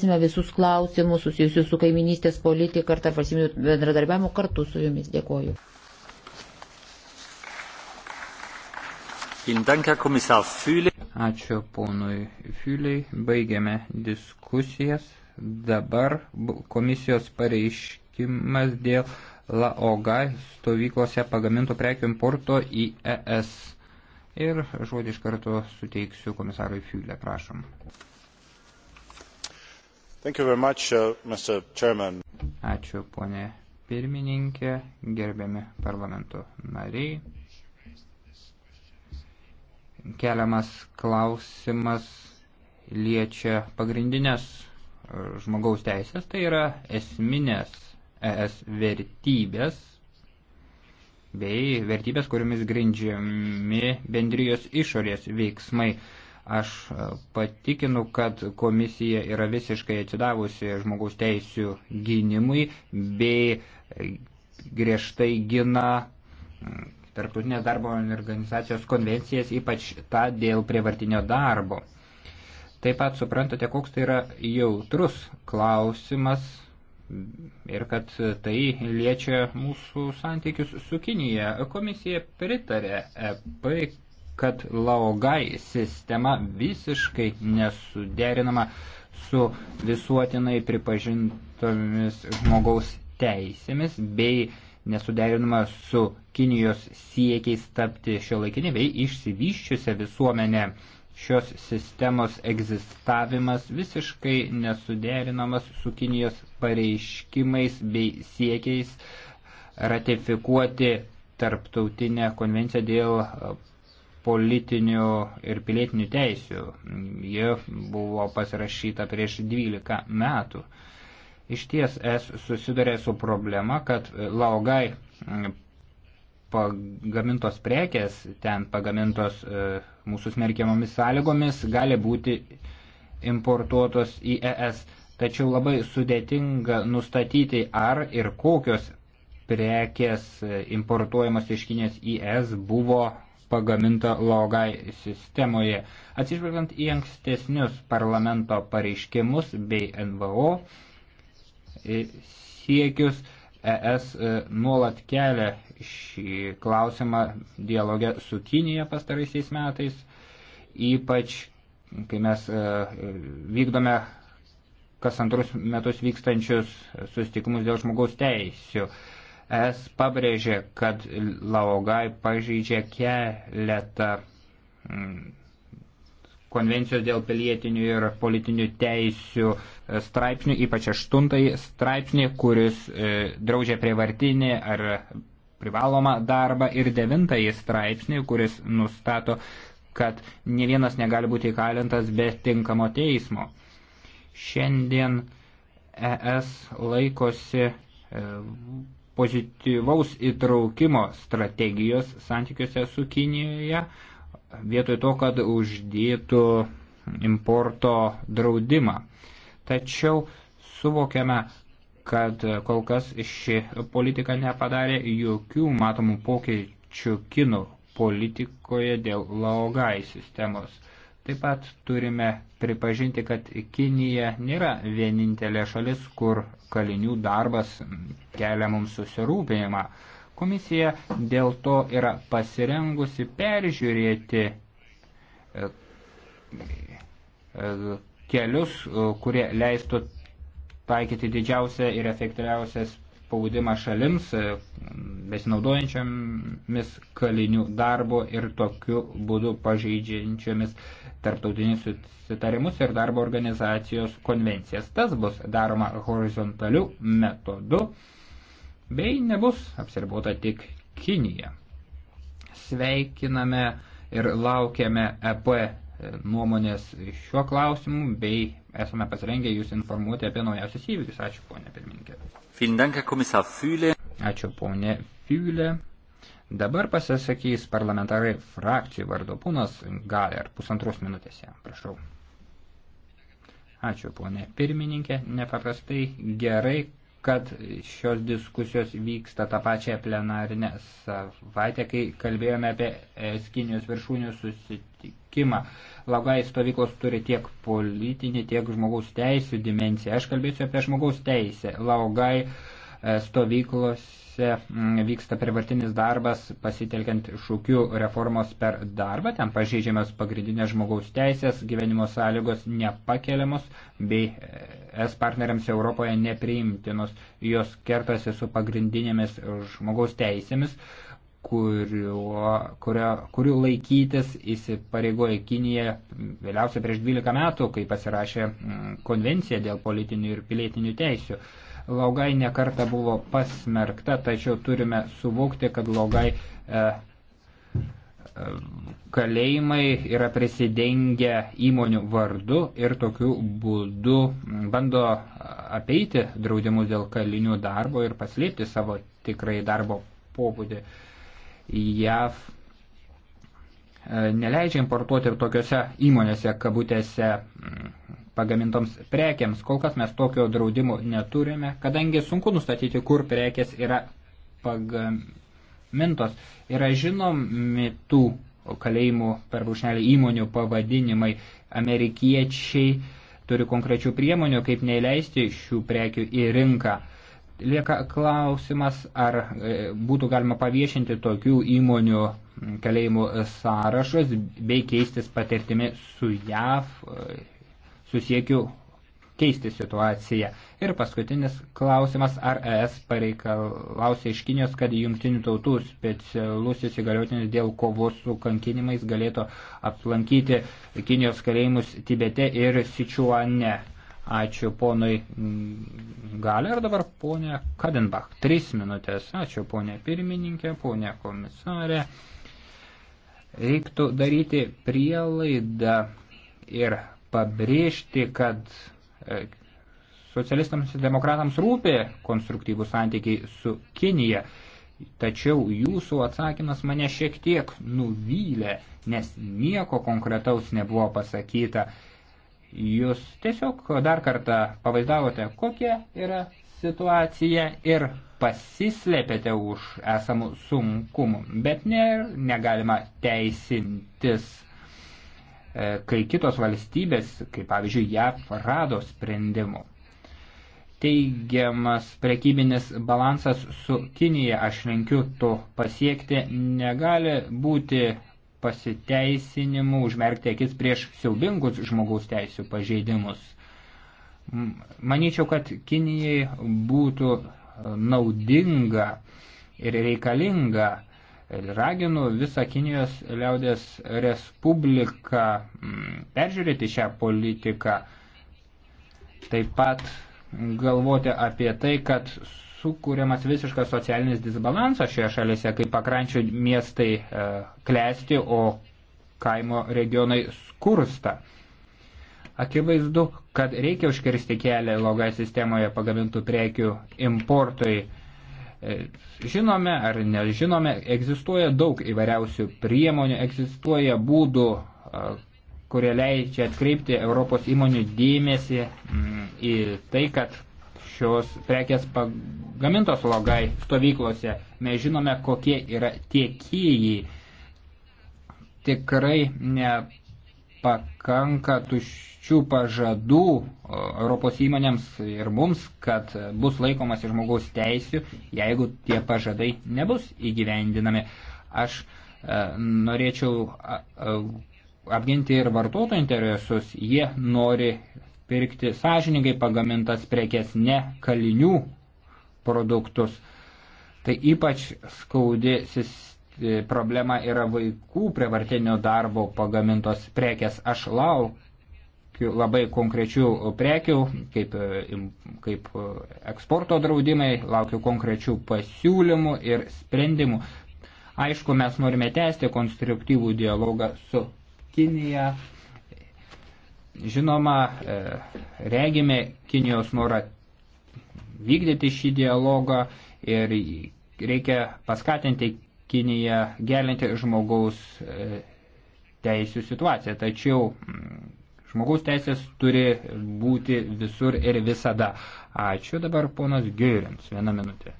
Sime visus klausimus susijusius su kaiminystės politika ir tarp valstybių bendradarbiavimo kartu su jumis. Dėkoju. Ačiū ponui Fiuliai. Baigiame diskusijas. Dabar komisijos pareiškimas dėl Laoga stovyklose pagamintų prekių importo į ES. Ir žodį iš karto suteiksiu komisarui Fiulė, prašom. Much, uh, Ačiū, ponė pirmininkė, gerbiami parlamento nariai. Keliamas klausimas liečia pagrindinės e, žmogaus teisės, tai yra esminės ES vertybės bei vertybės, kuriomis grindžiami bendrijos išorės veiksmai. Aš e, patikinu, kad komisija yra visiškai atsidavusi žmogaus teisų gynimui bei e, griežtai gina mm, Tarptautinės darbo organizacijos konvencijas, ypač tą dėl prievartinio darbo. Taip pat suprantate, koks tai yra jautrus klausimas ir kad tai liečia mūsų santykius su Kinija. Komisija pritarė EP kad laogai sistema visiškai nesuderinama su visuotinai pripažintomis žmogaus teisėmis bei nesuderinama su Kinijos siekiais tapti šio laikinį bei išsivyščiusią visuomenę. Šios sistemos egzistavimas visiškai nesuderinamas su Kinijos pareiškimais bei siekiais ratifikuoti tarptautinę konvenciją dėl politinių ir pilietinių teisių. Ji buvo pasirašyta prieš 12 metų. Iš ties es susidarė su problema, kad laugai mm, pagamintos prekės, ten pagamintos e, mūsų smerkiamomis sąlygomis, gali būti importuotos į ES. Tačiau labai sudėtinga nustatyti, ar ir kokios prekės e, importuojamos iš Kinės į ES buvo pagaminta logai sistemoje. Atsižvelgiant į ankstesnius parlamento pareiškimus bei NVO e, siekius, ES e, nuolat kelia šį klausimą dialogę su Kinija pastaraisiais metais, ypač kai mes e, vykdome kas antrus metus vykstančius susitikimus dėl žmogaus teisių. Es pabrėžė, kad Laogai pažydžia keletą mm, konvencijos dėl pilietinių ir politinių teisių e, straipsnių, ypač aštuntąjį straipsnį, kuris e, draudžia prievartinį ar privalomą darbą ir devintąjį straipsnį, kuris nustato, kad ne vienas negali būti įkalintas be tinkamo teismo. Šiandien ES laikosi e, pozityvaus įtraukimo strategijos santykiuose su Kinijoje, vietoj to, kad uždėtų importo draudimą. Tačiau suvokiame, kad kol kas ši politika nepadarė jokių matomų pokyčių kinų politikoje dėl laogai sistemos. Taip pat turime pripažinti, kad Kinija nėra vienintelė šalis, kur kalinių darbas kelia mums susirūpinimą. Komisija dėl to yra pasirengusi peržiūrėti e, e, kelius, e, kurie leistų taikyti didžiausią ir efektyviausias spaudimą šalims, e, besinaudojančiamis kalinių darbo ir tokiu būdu pažeidžiančiomis tarptautinius susitarimus ir darbo organizacijos konvencijas. Tas bus daroma horizontaliu metodu, bei nebus apsiribota tik Kinija. Sveikiname ir laukiame EP E, nuomonės šiuo klausimu, bei esame pasirengę jūs informuoti apie naujausius įvykius. Ačiū, ponė pirmininkė. Ačiū, ponė Fiulė. Dabar pasisakys parlamentarai frakcijų vardu. Ponas Galer, pusantros minutės jam, prašau. Ačiū, ponė pirmininkė. Nepaprastai gerai, kad šios diskusijos vyksta tą pačią plenarinę savaitę, kai kalbėjome apie Eskinijos viršūnių susitikimą veikimą. Lagai stovyklos turi tiek politinį, tiek žmogaus teisų dimenciją. Aš kalbėsiu apie žmogaus teisę. Lagai e, stovyklose vyksta privartinis darbas pasitelkiant šūkių reformos per darbą. Ten pažeidžiamas pagrindinės žmogaus teisės, gyvenimo sąlygos nepakeliamos bei e, es partneriams Europoje nepriimtinos. Jos kertasi su pagrindinėmis žmogaus teisėmis kuriuo, kurio, kurių laikytis įsipareigoja Kinija vėliausiai prieš 12 metų, kai pasirašė mm, konvenciją dėl politinių ir pilietinių teisių. Laugai nekarta buvo pasmerkta, tačiau turime suvokti, kad laugai e, e, kalėjimai yra prisidengę įmonių vardu ir tokiu būdu mm, bando apeiti draudimus dėl kalinių darbo ir paslėpti savo tikrai darbo pobūdį. E, JAV e, neleidžia importuoti ir tokiuose įmonėse, kabutėse, mm, pagamintoms prekiams. Kol kas mes tokio draudimo neturime, kadangi sunku nustatyti, kur prekės yra pagamintos. Yra žinomi tų kalėjimų per brūšnelį įmonių pavadinimai. Amerikiečiai turi konkrečių priemonių, kaip neįleisti šių prekių į rinką. Lieka klausimas, ar e, būtų galima paviešinti tokių įmonių kalėjimų sąrašus bei keistis patirtimi su JAV, e, susiekiu keisti situaciją. Ir paskutinis klausimas, ar ES pareikalausia iš Kinijos, kad jungtinių tautų specialus įsigaliotinis dėl kovos su kankinimais galėtų aplankyti Kinijos kalėjimus Tibete ir Sičiuane. Ačiū ponui Galer, dabar ponė Kadenbach. Tris minutės. Ačiū ponė pirmininkė, ponė komisarė. Reiktų daryti prielaidą ir pabrėžti, kad e, socialistams ir demokratams rūpė konstruktyvų santykiai su Kinija. Tačiau jūsų atsakymas mane šiek tiek nuvylė, nes nieko konkretaus nebuvo pasakyta. Jūs tiesiog dar kartą pavaizdavote, kokia yra situacija ir pasislėpėte už esamų sunkumų, bet ne, negalima teisintis, e, kai kitos valstybės, kaip pavyzdžiui JAV, rado sprendimų. Teigiamas prekybinis balansas su Kinija, aš linkiu to pasiekti, negali būti pasiteisinimu užmerkti akis prieš siaubingus žmogaus teisų pažeidimus. Manyčiau, kad Kinijai būtų e, naudinga ir reikalinga. Raginu visą Kinijos liaudės respubliką peržiūrėti šią politiką, taip pat galvoti apie tai, kad sukūriamas visiškas socialinis disbalansas šioje šalyse, kai pakrančių miestai e, klesti, o kaimo regionai skursta. Akivaizdu, kad reikia užkirsti kelią logai sistemoje pagamintų prekių importui. E, žinome ar nežinome, egzistuoja daug įvairiausių priemonių, egzistuoja būdų, e, kurie leidžia atkreipti Europos įmonių dėmesį m, mm, į tai, kad šios prekės pagamintos logai stovyklose. Mes žinome, kokie yra tiekėjai. Tikrai nepakanka tuščių pažadų Europos įmonėms ir mums, kad bus laikomas žmogaus teisių, jeigu tie pažadai nebus įgyvendinami. Aš e, norėčiau a, a, apginti ir vartotojų interesus. Jie nori pirkti sąžiningai pagamintas prekes, ne kalinių produktus. Tai ypač skaudi problema yra vaikų prievartinio darbo pagamintos prekes. Aš laukiu labai konkrečių prekių, kaip, e, kaip e, eksporto draudimai, laukiu konkrečių pasiūlymų ir sprendimų. Aišku, mes norime tęsti konstruktyvų dialogą su Kinija. Žinoma, e, regime Kinijos norą vykdyti šį dialogą ir reikia paskatinti Kiniją gelinti žmogaus e, teisų situaciją. Tačiau mm, žmogaus teisės turi būti visur ir visada. Ačiū dabar ponas Giurins. Vieną minutę.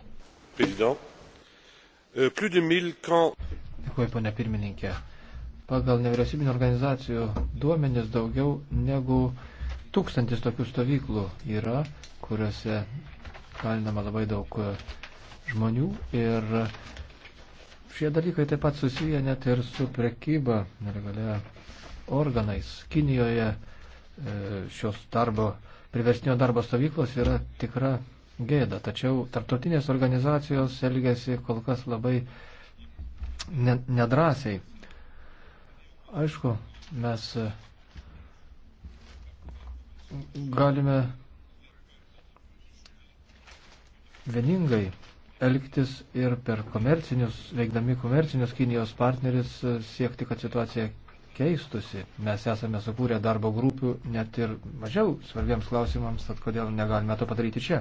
Dėkui, ponė pirmininkė. Pagal nevyriausybinio organizacijų duomenis daugiau negu tūkstantis tokių stovyklų yra, kuriuose kalinama labai daug e, žmonių ir šie dalykai taip pat susiję net ir su prekyba nelegalia organais. Kinijoje e, šios darbo, priverstinio darbo stovyklos yra tikra gėda, tačiau tarptautinės organizacijos elgesi kol kas labai nedrasiai. Aišku, mes e, galime vieningai elgtis ir per komercinius, veikdami komercinius Kinijos partneris e, siekti, kad situacija keistusi. Mes esame sukūrę darbo grupių net ir mažiau svarbiems klausimams, tad kodėl negalime to padaryti čia.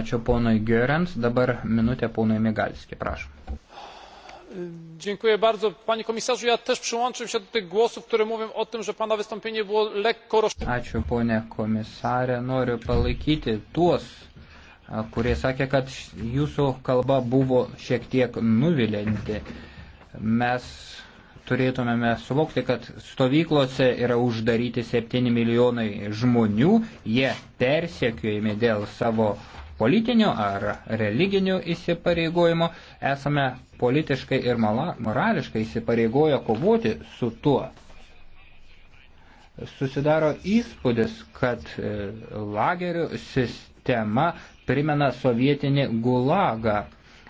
Ačiū ponui Gerens, dabar minutė ponui Migalski, prašom panie komisarzu! ja też przyłączam się do tych głosów które mówią o tym że pana wystąpienie było lekko rozczarujące. ačiū pone komisare noriu palaikyti tuos kurie sakė kad jūsų kalba buvo šiek tiek nuvilianti. mes turėtumėme suvokti, kad stovyklose yra uždaryti 7 milijonai žmonių, jie persiekiojami dėl savo politinių ar religinių įsipareigojimų, esame politiškai ir morališkai įsipareigoję kovoti su tuo. Susidaro įspūdis, kad e, lagerių sistema primena sovietinį gulagą.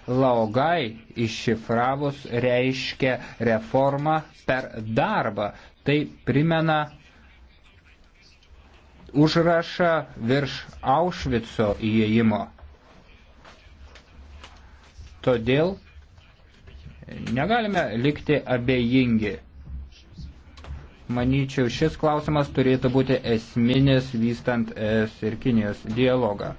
Laogai iššifravus reiškia reformą per darbą. Tai primena užrašą virš Aušvico įėjimo. Todėl negalime likti abejingi. Manyčiau, šis klausimas turėtų būti esminis vystant ES ir Kinijos dialogą.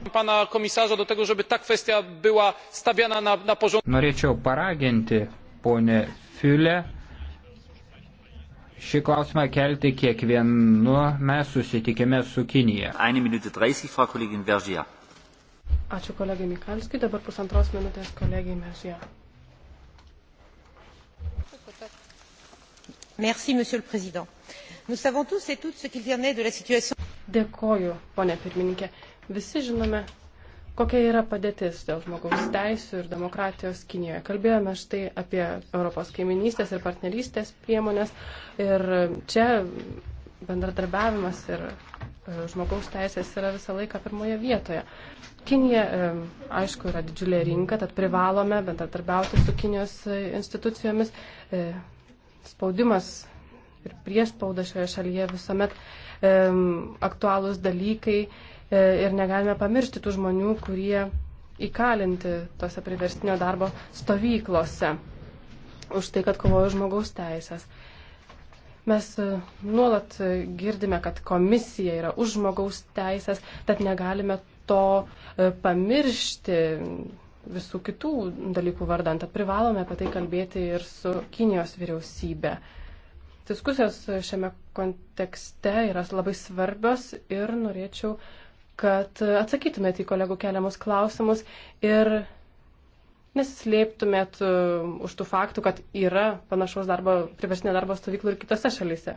Norėčiau paraginti ponę Fiulę šį klausimą kelti kiekvienu mes susitikime su Kinija. Ačiū kolegai Mikalskiui, dabar pusantros minutės kolegai Meržija. Merci, monsieur le président. Nous savons tous et toutes ce qu'il y en est de la situation. Dėkoju, ponė pirmininkė. Visi žinome, kokia yra padėtis dėl žmogaus teisų ir demokratijos Kinijoje. Kalbėjome štai apie Europos kaiminystės ir partnerystės priemonės ir čia bendradarbiavimas ir e, žmogaus teisės yra visą laiką pirmoje vietoje. Kinija, e, aišku, yra didžiulė rinka, tad privalome bendradarbiauti su Kinijos e, institucijomis. Spaudimas ir priespauda šioje šalyje visuomet aktualūs dalykai E, ir negalime pamiršti tų žmonių, kurie įkalinti tose priverstinio darbo stovyklose už tai, kad kovojo žmogaus teisės. Mes e, nuolat girdime, kad komisija yra už žmogaus teisės, tad negalime to e, pamiršti visų kitų dalykų vardant. Tad privalome apie tai kalbėti ir su Kinijos vyriausybė. Diskusijos šiame kontekste yra labai svarbios ir norėčiau uh, kad atsakytumėte į kolegų keliamus klausimus ir nesislėptumėt um, už tų faktų, kad yra panašaus darbo, priversinio darbo stovyklų ir kitose šalyse.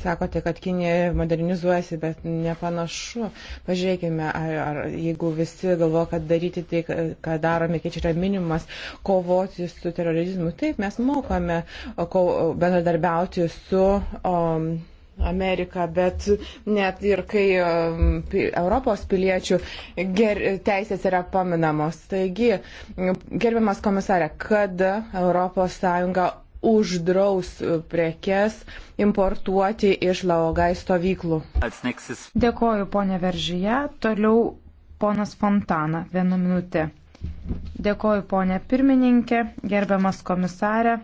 Sakote, kad Kinė modernizuojasi, bet nepanašu. Pažiūrėkime, ar, ar jeigu visi galvo, kad daryti tai, ką darome, kiek čia yra minimas, kovoti su terorizmu. Taip, mes mokame ko, bendradarbiauti su. Um, Ameriką, bet net ir kai um, Europos piliečių ger, teisės yra paminamos. Taigi, gerbiamas komisarė, kada ES uždraus prekes importuoti iš laogai stovyklų? Dėkoju, ponė Veržyje. Toliau ponas Fontana, vieną minutę. Dėkoju, ponė pirmininkė, gerbiamas komisarė,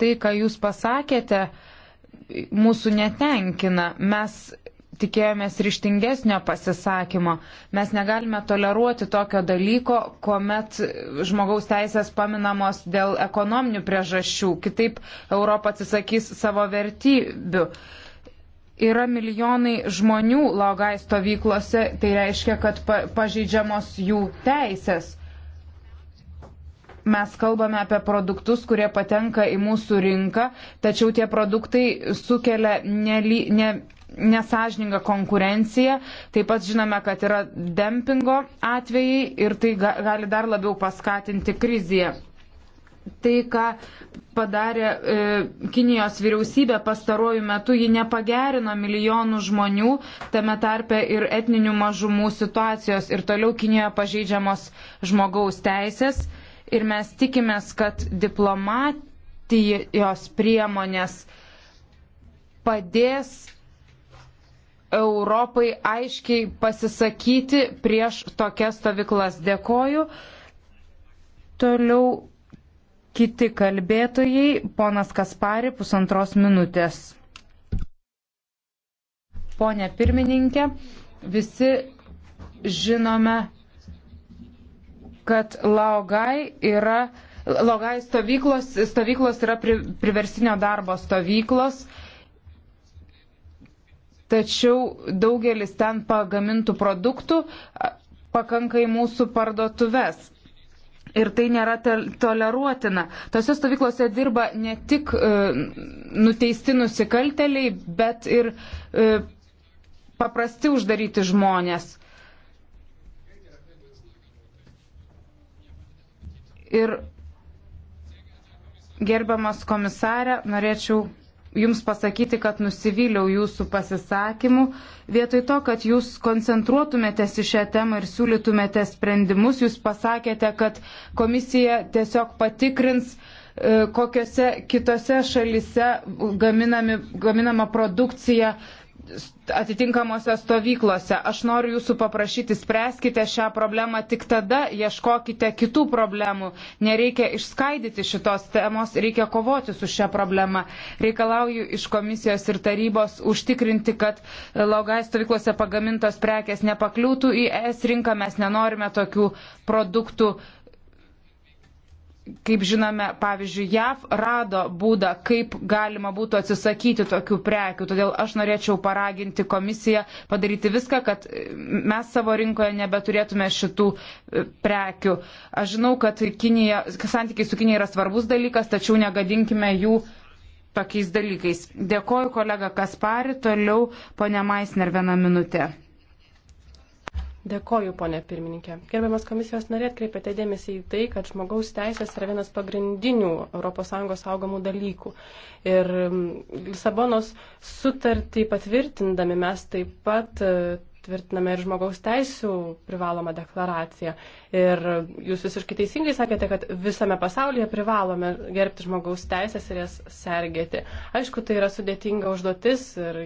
tai, ką jūs pasakėte, mūsų netenkina. Mes tikėjomės ryštingesnio pasisakymo. Mes negalime toleruoti tokio dalyko, kuomet žmogaus teisės paminamos dėl ekonominių priežasčių. Kitaip Europą atsisakys savo vertybių. Yra milijonai žmonių laugai stovyklose, tai reiškia, kad pažeidžiamos jų teisės mes kalbame apie produktus, kurie patenka į mūsų rinką, tačiau tie produktai sukelia nely, ne, nesažininga konkurencija. Taip pat žinome, kad yra dempingo atvejai ir tai ga, gali dar labiau paskatinti kriziją. Tai, ką padarė e, Kinijos vyriausybė pastaruoju metu, ji nepagerino milijonų žmonių, tame tarpe ir etninių mažumų situacijos ir toliau Kinijoje pažeidžiamos žmogaus teisės. E, ir mes tikimės, kad diplomatijos priemonės padės Europai aiškiai pasisakyti prieš tokias stovyklas. Dėkoju. Toliau kiti kalbėtojai. Ponas Kaspari, pusantros minutės. Pone pirmininkė, visi žinome, kad Laogai yra. Logai stovyklos, stovyklos yra pri, priversinio darbo stovyklos, tačiau daugelis ten pagamintų produktų pakanka į mūsų parduotuves. Ir tai nėra toleruotina. Tose stovyklose dirba ne tik e, nuteisti nusikalteliai, bet ir e, paprasti uždaryti žmonės. Ir gerbiamas komisarė, norėčiau Jums pasakyti, kad nusivyliau jūsų pasisakymu. Vietoj to, kad jūs koncentruotumėtės į šią temą ir siūlytumėte sprendimus, jūs pasakėte, kad komisija tiesiog patikrins, e, kokiuose kitose šalise gaminami, gaminama produkcija atitinkamosios stovyklose. Aš noriu jūsų paprašyti, spręskite šią problemą tik tada, ieškokite kitų problemų. Nereikia išskaidyti šitos temos, reikia kovoti su šia problema. Reikalauju iš komisijos ir tarybos užtikrinti, kad laugai stovyklose pagamintos prekes nepakliūtų į ES rinką. Mes nenorime tokių produktų kaip žinome, pavyzdžiui, JAV rado būdą, kaip galima būtų atsisakyti tokių prekių. Todėl aš norėčiau paraginti komisiją padaryti viską, kad mes savo rinkoje nebeturėtume šitų e, prekių. Aš žinau, kad Kinija, santykiai su Kinija yra svarbus dalykas, tačiau negadinkime jų tokiais dalykais. Dėkoju kolega Kaspari, toliau ponia Maisner vieną minutę. Dėkoju, ponė pirmininkė. Gerbiamas komisijos narė atkreipėte dėmesį į tai, kad žmogaus teisės yra vienas pagrindinių ES saugomų dalykų. Ir mm, Lisabonos sutartį patvirtindami mes taip pat e, tvirtiname ir žmogaus teisų privalomą deklaraciją. Ir jūs visiškai teisingai sakėte, kad visame pasaulyje privalome gerbti žmogaus teisės ir jas sergėti. Aišku, tai yra sudėtinga užduotis, ir,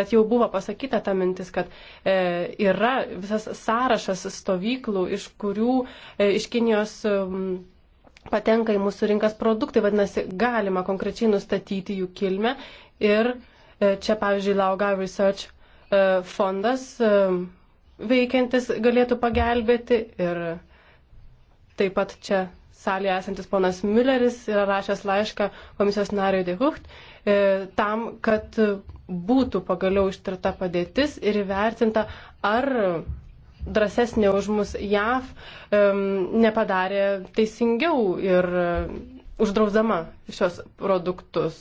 bet jau buvo pasakyta ta mintis, kad e, yra visas sąrašas stovyklų, iš kurių e, iš Kinijos. E, patenka į mūsų rinkas produktai, vadinasi, galima konkrečiai nustatyti jų kilmę ir e, čia, pavyzdžiui, Lauga Research E, fondas e, veikiantis galėtų pagelbėti ir taip pat čia salėje esantis ponas Mülleris yra rašęs laišką komisijos nariui Dehucht e, tam, kad būtų pagaliau ištirta padėtis ir įvertinta, ar drąsesnė už mus JAV nepadarė teisingiau ir uždrausdama šios produktus.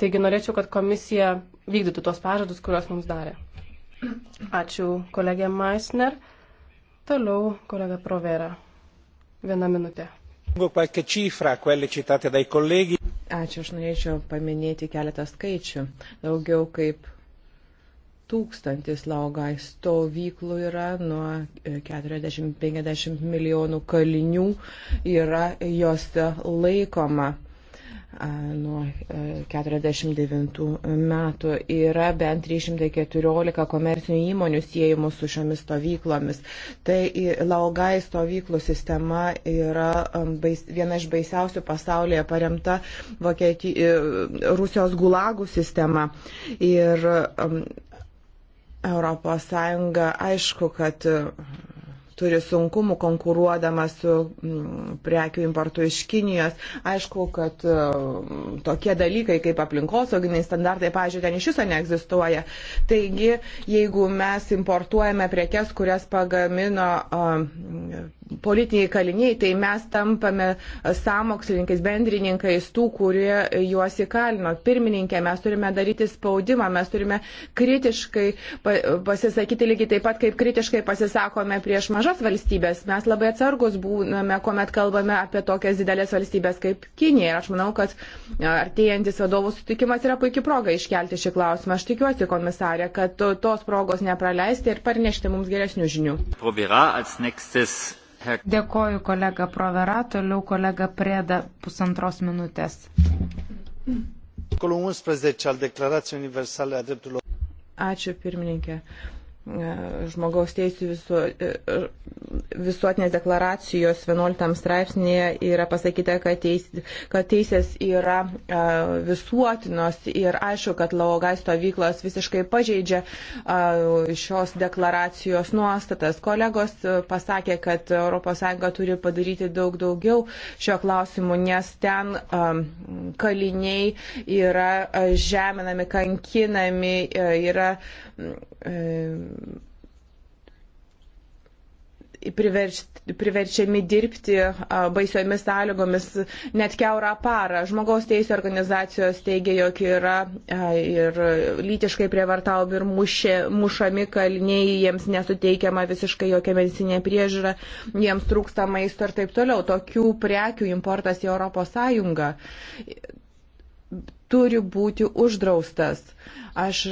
Taigi norėčiau, kad komisija vykdytų tos pažadus, kuriuos mums darė. Ačiū kolegė Meissner. Toliau kolega Provera. Viena minutė. Ačiū, aš norėčiau paminėti keletą skaičių. Daugiau kaip tūkstantis laugai stovyklų yra, nuo 40-50 e, milijonų kalinių yra jos laikoma nuo 49 metų yra bent 314 komercinių įmonių siejimų su šiomis stovyklomis. Tai laugai stovyklų sistema yra um, bais, viena iš baisiausių pasaulyje paremta Vokieti, e, Rusijos gulagų sistema. Ir um, Europos Sąjunga, aišku, kad turi sunkumų konkuruodama su mm, prekių importu iš Kinijos. Aišku, kad e, tokie dalykai kaip aplinkosauginiai standartai, pažiūrėjau, ten iš viso neegzistuoja. Taigi, jeigu mes importuojame prekes, kurias pagamino politiniai kaliniai, tai mes tampame e, samokslininkais, bendrininkais tų, kurie juos įkalino. Pirmininkė, mes turime daryti spaudimą, mes turime kritiškai pasisakyti lygiai taip pat, kaip kritiškai pasisakome prieš mažas mažas valstybės. Mes labai atsargus būname, kuomet kalbame apie tokias didelės valstybės kaip Kinija. Ir aš manau, kad e, artėjantis vadovų sutikimas yra puikia proga iškelti šį klausimą. Aš tikiuosi, komisarė, kad tos progos nepraleisti ir parnešti mums geresnių žinių. Provera, Dėkoju kolega Provera, toliau kolega Prėda pusantros minutės. Ačiū pirmininkė žmogaus teisų viso, visuotinės deklaracijos 11 straipsnėje yra pasakyta, kad, teis, kad teisės yra a, visuotinos ir aišku, kad laogai stovyklos visiškai pažeidžia a, šios deklaracijos nuostatas. Kolegos pasakė, kad ES turi padaryti daug daugiau šio klausimu, nes ten a, kaliniai yra a, žeminami, kankinami, a, yra. A, priverš, priverčiami dirbti baisiomis sąlygomis net keurą parą. Žmogaus teisų organizacijos teigia, jog yra ir lytiškai prievartaujami ir mušė, mušami kaliniai, jiems nesuteikiama visiškai jokia medicinė priežiūra, jiems trūksta maisto ir taip toliau. Tokių prekių importas į ES turi būti uždraustas. Aš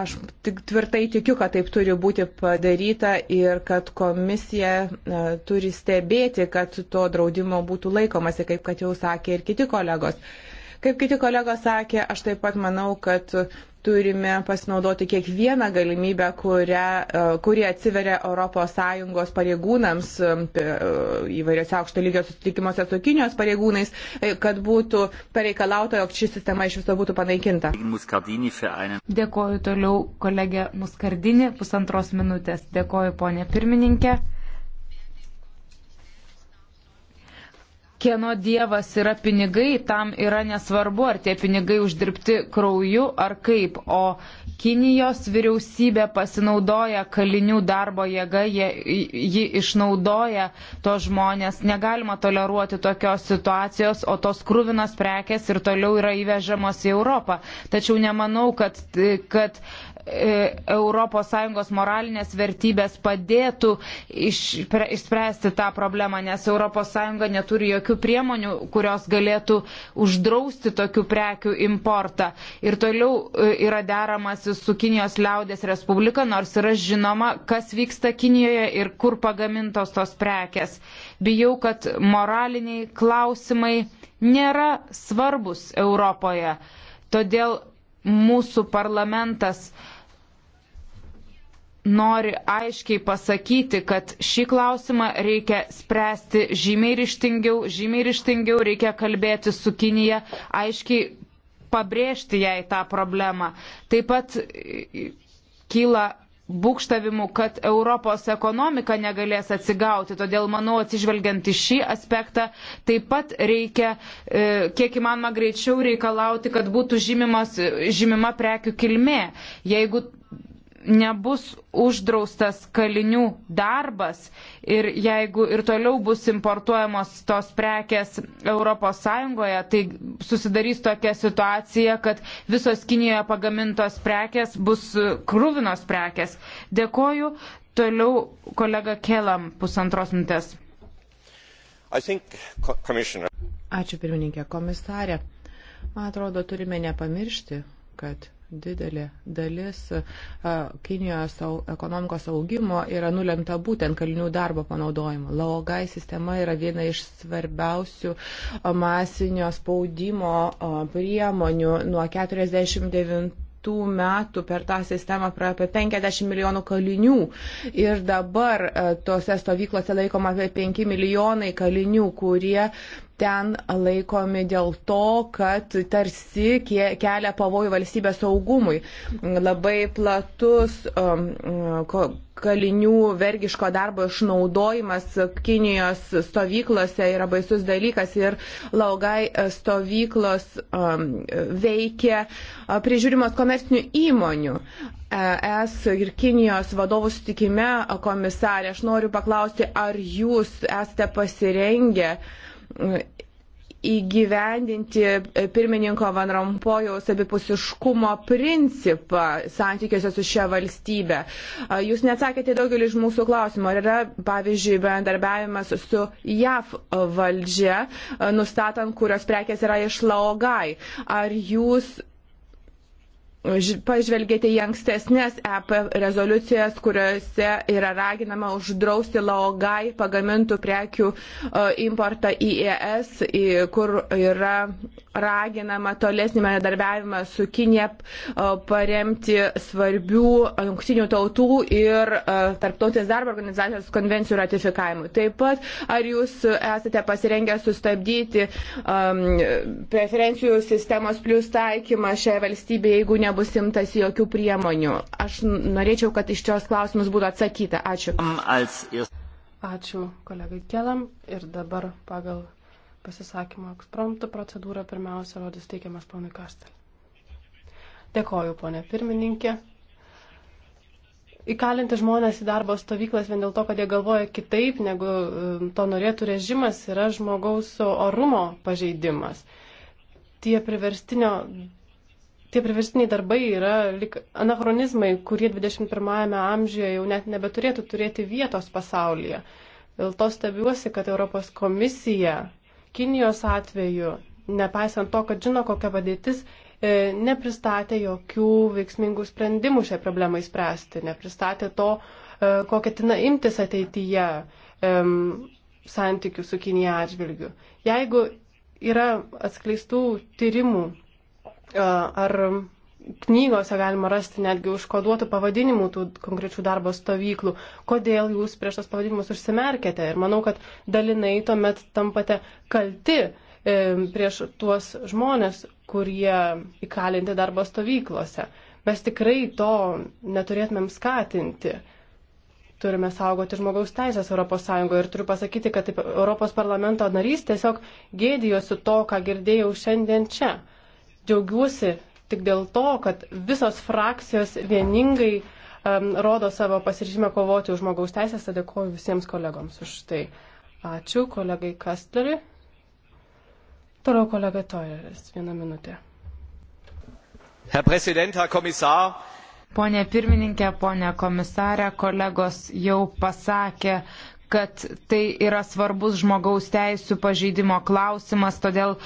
Aš tik tvirtai tikiu, kad taip turi būti padaryta ir kad komisija e, turi stebėti, kad to draudimo būtų laikomasi, kaip kad jau sakė ir kiti kolegos. Kaip kiti kolegos sakė, aš taip pat manau, kad turime pasinaudoti kiekvieną galimybę, kurią, e, kuri atsiveria ES pareigūnams e, e, įvairiose aukšto lygio susitikimuose su Kinijos pareigūnais, kad būtų pareikalauta, jog ši sistema iš viso būtų panaikinta. Dėkoju toliau kolegė Muskardinė, pusantros minutės. Dėkoju ponė pirmininkė. kieno dievas yra pinigai, tam yra nesvarbu, ar tie pinigai uždirbti krauju ar kaip. O Kinijos vyriausybė pasinaudoja kalinių darbo jėga, jie, ji išnaudoja tos žmonės. Negalima toleruoti tokios situacijos, o tos krūvinos prekes ir toliau yra įvežamos į Europą. Tačiau nemanau, kad, kad ES moralinės vertybės padėtų išspręsti tą problemą, nes ES neturi jokių priemonių, kurios galėtų uždrausti tokių prekių importą. Ir toliau e, yra deramasi su Kinijos liaudės Respublika, nors yra žinoma, kas vyksta Kinijoje ir kur pagamintos tos prekes. Bijau, kad moraliniai klausimai nėra svarbus Europoje. Todėl mūsų parlamentas uh, nori aiškiai pasakyti, kad šį klausimą reikia spręsti žymiai ryštingiau, žymiai ryštingiau reikia kalbėti su Kinija, aiškiai pabrėžti jai tą problemą. Taip pat e, kyla būkštavimų, kad Europos ekonomika negalės atsigauti. Todėl, manau, atsižvelgiant į šį aspektą, taip pat reikia, e, kiek įmanoma greičiau reikalauti, kad būtų žymimas, žymima prekių kilmė. Jeigu nebus uždraustas kalinių darbas ir jeigu ir toliau bus importuojamos tos prekes ES, tai susidarys tokia situacija, kad visos Kinijoje pagamintos prekes bus krūvinos prekes. Dėkoju. Toliau kolega Kelam pusantros minutės. Ačiū pirmininkė komisarė. Man atrodo, turime nepamiršti, kad didelė dalis Kinijos ekonomikos augimo yra nulemta būtent kalinių darbo panaudojimo. Laogai sistema yra viena iš svarbiausių masinio spaudimo priemonių nuo 49 praeitų metų per tą sistemą praėjo apie 50 milijonų kalinių ir dabar tose stovyklose laikoma apie 5 milijonai kalinių, kurie ten laikomi dėl to, kad tarsi kelia pavojų valstybės saugumui. Labai platus um, kalinių vergiško darbo išnaudojimas Kinijos stovyklose yra baisus dalykas ir laugai e, stovyklos um, veikia e, prižiūrimas komercinių įmonių. E, ES ir Kinijos vadovų sutikime, komisarė, aš noriu paklausti, ar jūs esate pasirengę uh, įgyvendinti pirmininko Van Rompojaus abipusiškumo principą santykiuose su šia valstybe. Jūs neatsakėte daugelį iš mūsų klausimų. Ar yra, pavyzdžiui, bendarbiavimas su JAV valdžia, nustatant, kurios prekės yra iš Laogai? Ar jūs pažvelgėte į ankstesnės EP rezoliucijas, kuriuose yra raginama uždrausti laogai pagamintų prekių e, importą į ES, kur yra raginama tolesnį bendradarbiavimą su Kinė e, paremti svarbių jungtinių tautų ir e, tarptautės darbo organizacijos konvencijų ratifikavimu. Taip pat, ar jūs esate pasirengę sustabdyti um, preferencijų sistemos plus taikymą šią valstybę, jeigu nebūtų nebus imtas jokių priemonių. Aš norėčiau, kad iš šios klausimus būtų atsakyta. Ačiū. Ačiū kolegai Kelam. Ir dabar pagal pasisakymą eksprompto procedūrą pirmiausia rodys teikiamas ponui Kastel. Dėkoju, ponė pirmininkė. Įkalinti žmonės į darbo stovyklas vien dėl to, kad jie galvoja kitaip, negu um, to norėtų režimas, yra žmogaus orumo pažeidimas tie priverstinio tie priverstiniai darbai yra lik anachronizmai, kurie 21-ame amžiuje jau net nebeturėtų turėti vietos pasaulyje. Dėl to stebiuosi, kad Europos komisija Kinijos atveju, nepaisant to, kad žino, kokia padėtis, e, nepristatė jokių veiksmingų sprendimų šią problemą įspręsti, nepristatė to, e, kokią tina imtis ateityje santykių su Kinija atžvilgiu. Jeigu yra atskleistų tyrimų ar knygose galima rasti netgi užkoduotų pavadinimų tų konkrečių darbo stovyklų. Kodėl jūs prieš tos pavadinimus užsimerkėte? Ir manau, kad dalinai tuomet tampate kalti e, prieš tuos žmonės, kurie įkalinti darbo stovyklose. Mes tikrai to neturėtumėm skatinti. Turime saugoti žmogaus teisės ES ir turiu pasakyti, kad taip, Europos parlamento narys tiesiog gėdijosi to, ką girdėjau šiandien čia džiaugiuosi tik dėl to, kad visos frakcijos vieningai um, rodo savo pasiryžimą kovoti už žmogaus teisės, tad dėkoju visiems kolegoms už tai. Ačiū kolegai Kastleriui. Toliau kolega Toileris, vieną minutę. Herr Präsident, Herr Kommissar. Pone pirmininkė, pone komisarė, kolegos jau pasakė, kad tai yra svarbus žmogaus teisų pažeidimo klausimas, todėl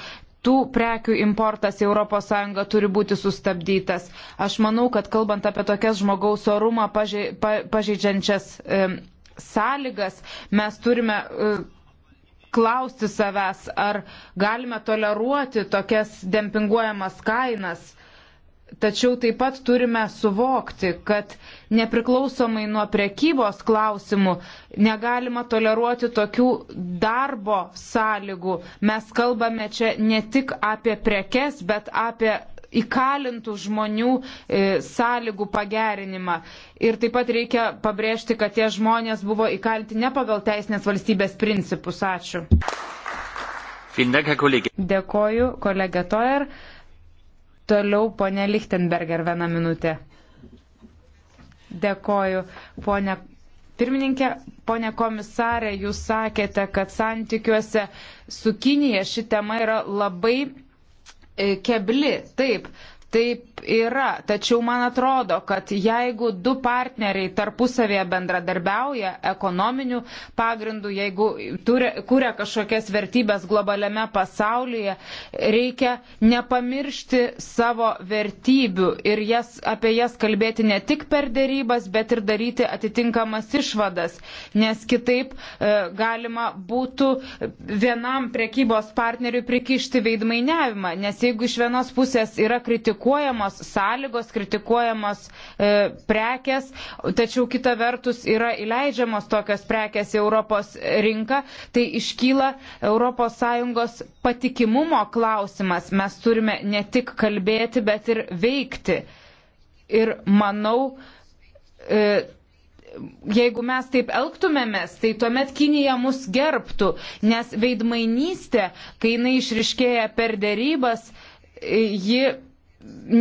tų prekių importas į ES turi būti sustabdytas. Aš manau, kad kalbant apie tokias žmogaus orumą pažei, pa, pažeidžiančias e, sąlygas, mes turime. E, Klausti savęs, ar galime toleruoti tokias dempinguojamas kainas. Tačiau taip pat turime suvokti, kad nepriklausomai nuo prekybos klausimų negalima toleruoti tokių darbo sąlygų. Mes kalbame čia ne tik apie prekes, bet apie įkalintų žmonių e, sąlygų pagerinimą. Ir taip pat reikia pabrėžti, kad tie žmonės buvo įkalinti ne pagal teisinės valstybės principus. Ačiū. Dėkoju, kolega Toer. Toliau ponė Lichtenberger vieną minutę. Dėkoju, ponė Pirmininkė, ponė komisarė, jūs sakėte, kad santykiuose su Kinija ši tema yra labai e, kebli. Taip, taip yra. Tačiau man atrodo, kad jeigu du partneriai tarpusavėje bendradarbiauja ekonominių pagrindų, jeigu turi, kuria kažkokias vertybės globaliame pasaulyje, reikia nepamiršti savo vertybių ir jas, apie jas kalbėti ne tik per dėrybas, bet ir daryti atitinkamas išvadas. Nes kitaip e, galima būtų vienam prekybos partneriui prikišti veidmainiavimą. Nes jeigu iš vienos pusės yra kritikų, kritikuojamos sąlygos, kritikuojamos e, prekes, tačiau kita vertus yra įleidžiamos tokios prekes į Europos rinką, tai iškyla ES patikimumo klausimas. Mes turime ne tik kalbėti, bet ir veikti. Ir manau, e, jeigu mes taip elgtumėmės, tai tuomet Kinija mus gerbtų, nes veidmainystė, kai jinai išriškėja per dėrybas, e, ji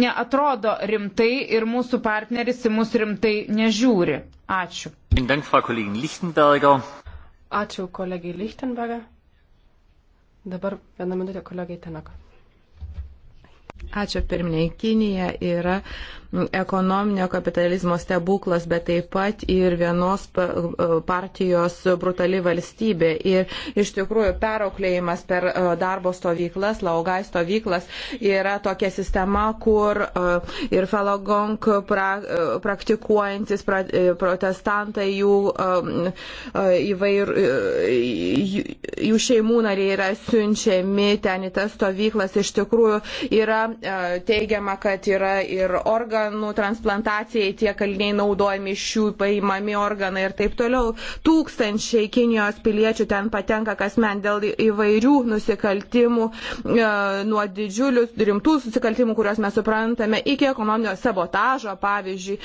neatrodo rimtai ir mūsų partneris į mus rimtai nežiūri. Ačiū. Ačiū kolegijai Lichtenberger. Dabar vieną minutę kolegijai Tenako. Ačiū pirminiai. Kinija yra ekonominio kapitalizmo stebuklas, bet taip pat ir vienos e, partijos brutali valstybė. Ir iš tikrųjų perauklėjimas per e, darbo stovyklas, laugai stovyklas yra tokia sistema, kur e, ir falagonk pra, praktikuojantis pra, protestantai, jų, įvair, jų šeimų nariai yra siunčiami ten į tas stovyklas. Iš tikrųjų yra teigiama, kad yra ir organai, organų transplantacijai tie kaliniai naudojami iš jų paimami organai ir taip toliau. Tūkstančiai Kinijos piliečių ten patenka kasmen dėl įvairių nusikaltimų, e, nuo didžiulių rimtų nusikaltimų, kuriuos mes suprantame, iki ekonominio sabotažo, pavyzdžiui,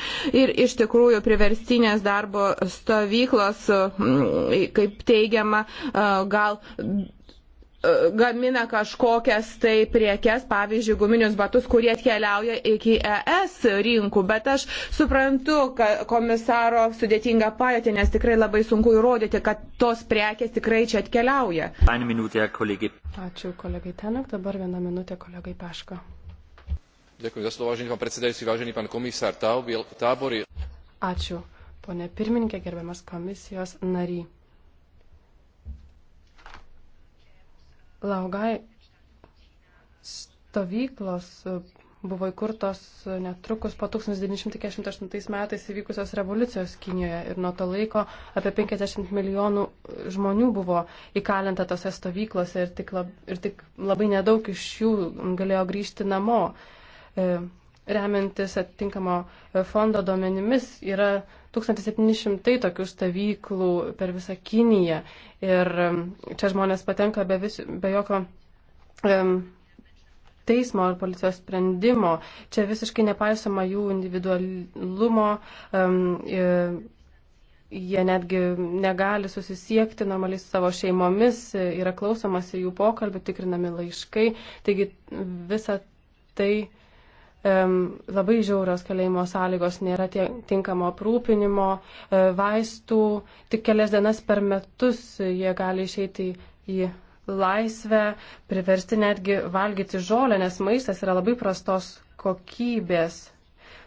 ir iš tikrųjų priverstinės darbo stovyklos, kaip teigiama, e, gal E, gamina kažkokias tai priekes, pavyzdžiui, guminius batus, kurie atkeliauja iki ES rinkų. Bet aš suprantu komisaro sudėtingą pajūtį, nes tikrai labai sunku įrodyti, kad tos prekes tikrai čia atkeliauja. Minutė, Ačiū kolegai Tenok, dabar vieną minutę kolegai Paško. Ďakujem za slovo, vážený pán predsedajúci, vážený pán komisár. Tábory. Ačiū, ponė pirmininkė, gerbiamas komisijos nariai. Laugai stovyklos buvo įkurtos netrukus po 1948 metais įvykusios revoliucijos Kinijoje ir nuo to laiko apie 50 milijonų žmonių buvo įkalinta tose stovyklose ir tik, lab, ir tik labai nedaug iš jų galėjo grįžti namo. E, remiantis atitinkamo fondo duomenimis yra 1700 tokių stovyklų per visą Kiniją. Ir um, čia žmonės patenka be, vis, be jokio. Um, teismo ar policijos sprendimo. Čia visiškai nepaisoma jų individualumo, um, jie netgi negali susisiekti normaliai su savo šeimomis, yra klausomasi jų pokalbių, tikrinami laiškai. Taigi visa tai labai žiaurios kalėjimo sąlygos, nėra tie, tinkamo aprūpinimo, e, vaistų, tik kelias dienas per metus jie gali išeiti į laisvę, priversti netgi valgyti žolę, nes maistas yra labai prastos kokybės.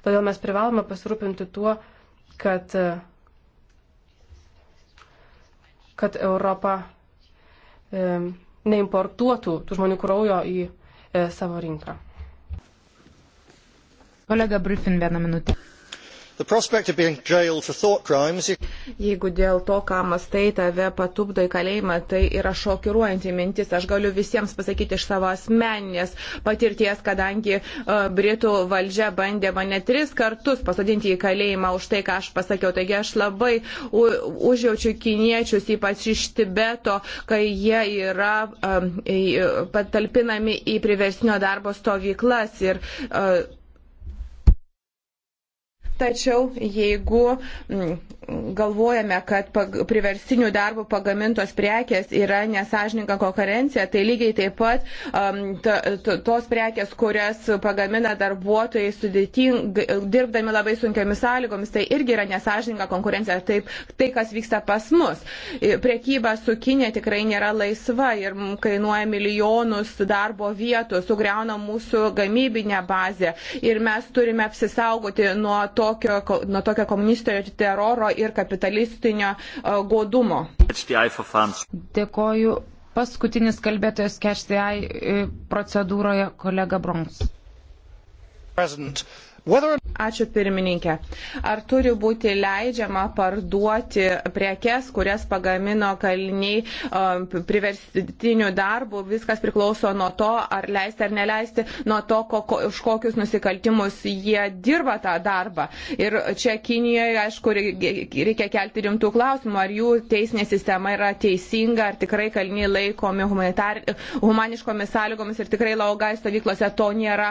Todėl mes privalome pasirūpinti tuo, kad, e, kad Europa e, neimportuotų tų žmonių kraujo į e, savo rinką. Kolega Briefin, vieną minutę. Crimes... Jeigu dėl to, ką mastai, tave patupdo į kalėjimą, tai yra šokiruojanti mintis. Aš galiu visiems pasakyti iš savo asmeninės patirties, kadangi uh, Britų valdžia bandė mane tris kartus pasodinti į kalėjimą už tai, ką aš pasakiau. Taigi aš labai užjaučiu kiniečius, ypač iš Tibeto, kai jie yra um, patalpinami į priversnio darbo stovyklas. Ir, uh, Tačiau jeigu mm, galvojame, kad priverstinių darbų pagamintos prekės yra nesažininga konkurencija, tai lygiai taip pat um, mm, t, t, tos prekės, kurias pagamina darbuotojai sudėting, dirbdami labai sunkiamis sąlygomis, tai irgi yra nesažininga konkurencija. Taip, tai, kas vyksta pas mus. Prekyba su Kinė tikrai nėra laisva ir mm, kainuoja milijonus darbo vietų, sugriauna mūsų gamybinę bazę ir mes turime apsisaugoti nuo to tokio, nuo tokio komunistinio teroro ir kapitalistinio e, godumo. Dėkoju. Paskutinis kalbėtojas KCI e, procedūroje kolega Bronks. President. Ačiū pirmininkė. Ar turi būti leidžiama parduoti prekes, kurias pagamino kaliniai um, priverstinių darbų? Viskas priklauso nuo to, ar leisti ar neleisti, nuo to, ko, ko, už kokius nusikaltimus jie dirba tą darbą. Ir čia Kinijoje, aišku, reikia kelti rimtų klausimų, ar jų teisinė sistema yra teisinga, ar tikrai kaliniai laikomi humanitar, humaniškomis sąlygomis ir tikrai laugai stovyklose to nėra.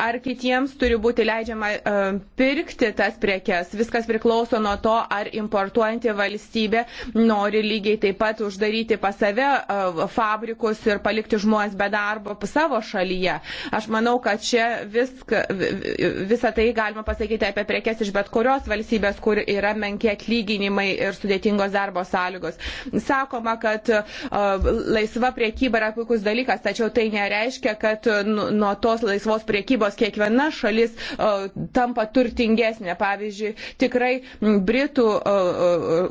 Ar kitiems turi būti leidžiama galima e, pirkti tas prekes. Viskas priklauso nuo to, ar importuojanti valstybė nori lygiai taip pat uždaryti pas save e, fabrikus ir palikti žmonės be darbo savo šalyje. Aš manau, kad čia viska, visą tai galima pasakyti apie prekes iš bet kurios valstybės, kur yra menkie atlyginimai ir sudėtingos darbo sąlygos. Sakoma, kad e, laisva priekyba yra puikus dalykas, tačiau tai nereiškia, kad nu, nuo tos laisvos priekybos kiekviena šalis tampa turtingesnė. Pavyzdžiui, tikrai Britų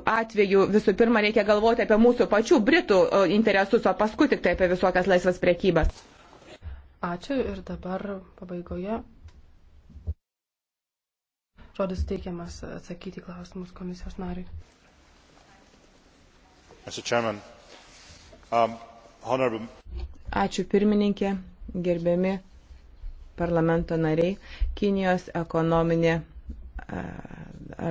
atveju visų pirma reikia galvoti apie mūsų pačių Britų interesus, o paskui tik tai apie visokias laisvas priekybas. Ačiū ir dabar pabaigoje žodis teikiamas atsakyti klausimus komisijos nariui. Um, Ačiū pirmininkė, gerbiami parlamento nariai, Kinijos ekonominė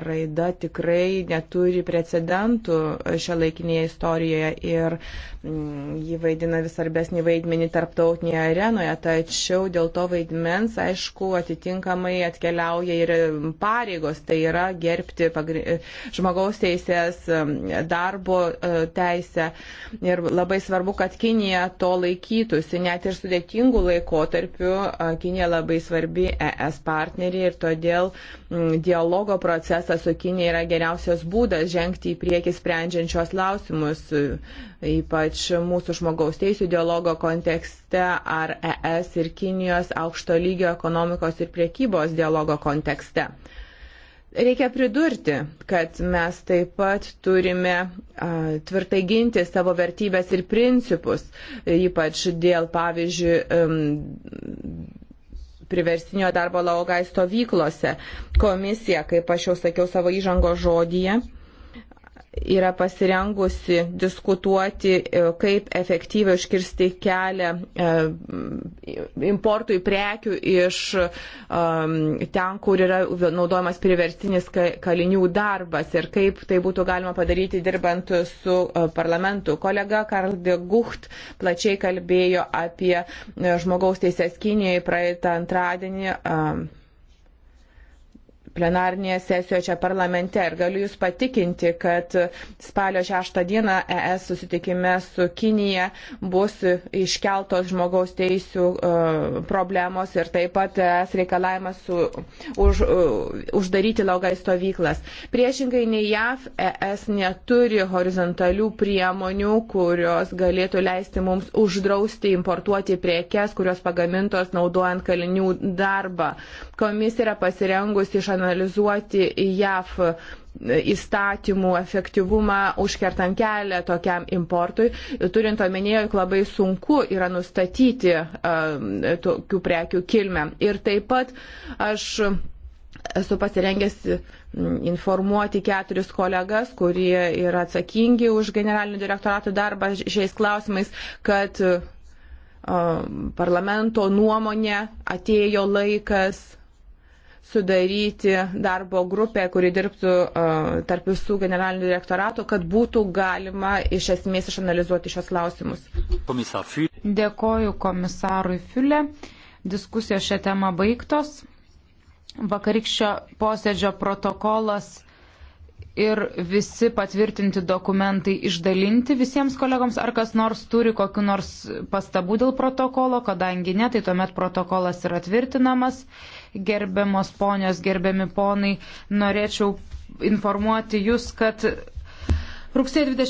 raida tikrai neturi precedentų šio laikinėje istorijoje ir mm, jį vaidina vis svarbesnį vaidmenį tarptautinėje arenoje, tačiau dėl to vaidmens, aišku, atitinkamai atkeliauja ir pareigos, tai yra gerbti pagri... žmogaus teisės, darbo e, teisę ir labai svarbu, kad Kinija to laikytųsi, net ir sudėtingų laikotarpių e, Kinija labai svarbi ES partneriai ir todėl dialogo procesas procesas su Kinė yra geriausias būdas žengti į priekį sprendžiančios klausimus, ypač mūsų žmogaus teisų dialogo kontekste ar ES ir Kinijos aukšto lygio ekonomikos ir priekybos dialogo kontekste. Reikia pridurti, kad mes taip pat turime a, tvirtai ginti savo vertybės ir principus, ypač dėl, pavyzdžiui, um, priverstinio darbo laugai stovyklose. Komisija, kaip aš jau sakiau savo įžango žodyje, yra pasirengusi diskutuoti, e, kaip efektyviai užkirsti kelią e, importui prekių iš ten, kur yra naudojamas priverstinis kalinių darbas ir kaip tai būtų galima padaryti dirbant su e, parlamentu. Kolega Karl de Gucht plačiai kalbėjo apie žmogaus teisės Kinijoje praeitą antradienį plenarnėje sesijoje čia parlamente. Ir galiu Jūs patikinti, kad spalio 6 dieną ES susitikime su Kinija bus iškeltos žmogaus teisų uh, e, problemos ir taip pat ES reikalavimas su, už, uh, uždaryti laugai stovyklas. Priešingai nei JAV, ES neturi horizontalių priemonių, kurios galėtų leisti mums uždrausti importuoti priekes, kurios pagamintos naudojant kalinių darbą. Komisija yra pasirengusi išanalizuoti analizuoti JAF įstatymų efektyvumą, užkertant kelią tokiam importui, turint omenyje, jog labai sunku yra nustatyti uh, tokių prekių kilmę. Ir taip pat aš esu pasirengęs informuoti keturis kolegas, kurie yra atsakingi už generalinio direktorato darbą šiais klausimais, kad uh, parlamento nuomonė atėjo laikas sudaryti darbo grupę, kuri dirbtų uh, tarp visų generalinių direktoratų, kad būtų galima iš esmės išanalizuoti šios klausimus. Komisar Dėkoju komisarui Fiulė. Diskusijos šią temą baigtos. Vakarykščio posėdžio protokolas ir visi patvirtinti dokumentai išdalinti visiems kolegoms, ar kas nors turi kokiu nors pastabu dėl protokolo, kadangi ne, tai tuomet protokolas yra tvirtinamas gerbiamos ponios, gerbiami ponai, norėčiau informuoti jūs, kad rugsėjo 20.